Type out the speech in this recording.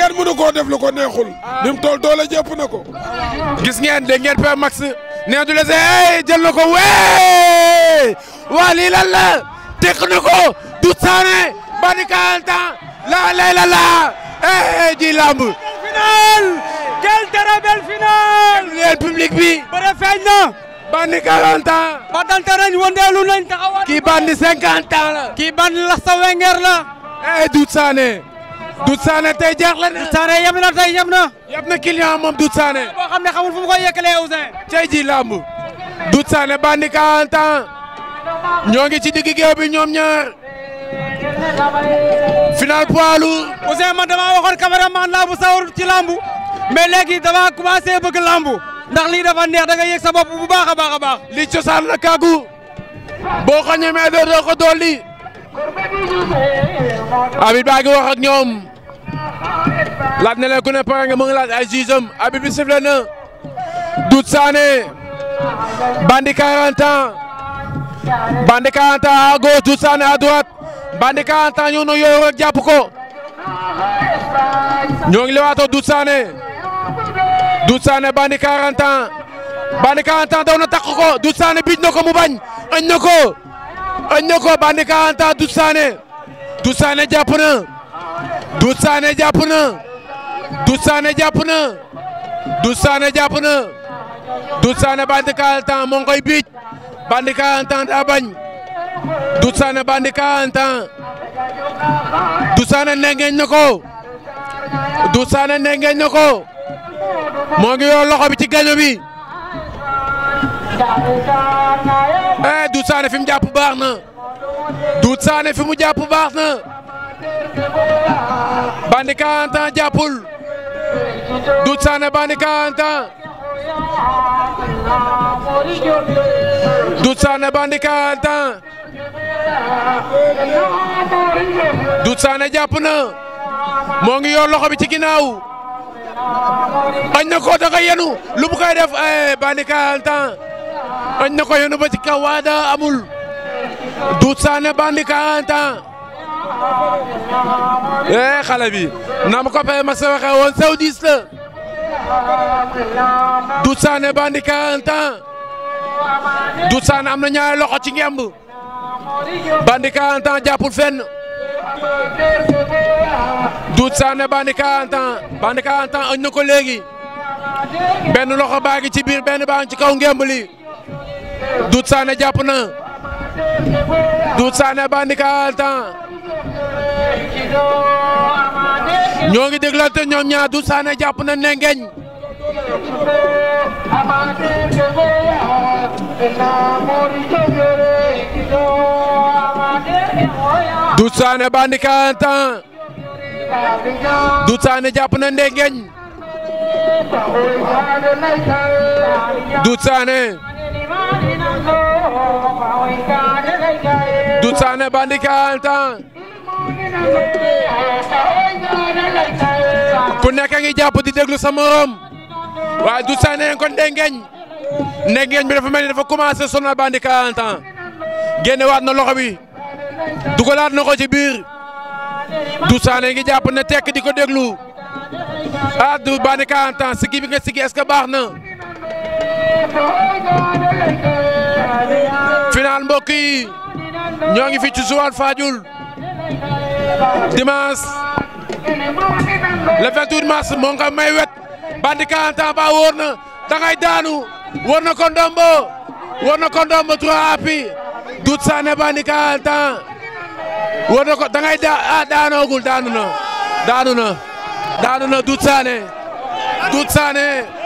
kenn mënu koo def lu ko neexul ah. ni mu toll doole jëpp na ko. Ah. gis ngeen dégg ngeen Père Max nee du la see jël na ko wee waa lii lan la tekk na ko du saane ba di temps la lay la la eh ji lamb. final quel très bel final. leen public bi. bëre feeñ na. bandi 40 ans. battante nañ wëndeelu nañ taxawaat. kii bandi 50 ans la. kii bandi lasta wenger la. eh du saane. Doudou Sané tey jeexle na. Doudou Sané yem na tey yem na. yem na client moom Doudou Sané. boo xam ne xamul fu mu koy yëkkalee Ouzin. tey jii làmb. Doudou Sané bandi 40 ans. ñoo ngi ci digg géew bi ñoom ñaar. final poids lourd. Ouzin man damaa waxoon cameraman laa bu sawar ci làmb. mais léegi damaa commencé bëgg làmb. ndax lii dafa neex da nga yëg sa bopp bu baax a baax a baax. li cosaan la kàggu. boo ko ñemee doo ko dolli. abit baa ngi ñoom laaj na leen ku ne pare nga mu ay jugeem abit bi sifle na Doudou Sané Bandit 40 ans Bandit 40 ans à gauche Doudou Sané à droite Bandit 40 ans ñoo na yooyu rek jàpp ko ñoo ngi lewaatoo Doudou Sané Doudou Sané Bandit 40 ans Bandit daw na takk ko Doudou Sané biij na ko mu bañ añ na ko ëñ na ko Bandika Anta Doudou Sané Doudou Sané jàpp na Doudou Sané jàpp na Doudou saane jàpp na Doudou Sané jàpp na Doudou Sané Bandika Anta moo ngi Bandika Anta daa bañ Doudou Sané Bandika Anta Doudou Sané nengeñ na ko Doudou Sané nengeñ na ko moo ngi yor loxo ci gaño bi Doudou Sané fi mu jàpp baax na Doudou Sané fi mu jàpp baax na jàppul Doudou Sané Bandit 40 ans jàpp na moo ngi yor loxo bi ci ginnaaw añ na ko da lu mu koy def eh, Bandit 40 bañ na ko yónnu ba ci kaw waaye amul Doudou Sané bandi 40 ans eh, xale bi na ma ko fay ma sa waxee woon saw diis la Doudou Sané bandi 40 ans Doudou am na ñaari loxo ci ngemb bandi 40 ans jàppul fenn Doudou Sané bandi 40 ans bandi 40 ans ko léegi benn loxo baa ngi ci biir benn baa ngi ci kaw ngemb li Doudou saane jàpp na Doudou Sané Bandika altan ñoo ngi déglante ñoom ñaar Doudou Sané jàpp na nengeñ Doudou saane Bandika altan Doudou Sané jàpp na ndengeñ Doudou Sané Doudou Sané Bandika en ku nekk ngi jàpp di déglu sa morom waaye Doudou Sané kon ndengeñ ndengeñ bi dafa mel ni dafa commencé sonal Bandika en temps génnewaat na loxo bi dugalaat na ko ci biir Doudou Sané ngi jàpp na tekk di ko déglu ah du Bandika en temps bi nga sigi est baax na. final mbokk yi ñoo fi ci Joal Fadiouth dimanche le 28 mars moo nga may wet Bandika en ba wóor na dangay daanu wóor na ko ndombo na ko ndombo trois appuis Doudou Sané Bandika en na dangay da ah, daanoogul daanu daanu na daanu na Doudou Sané Doudou Sané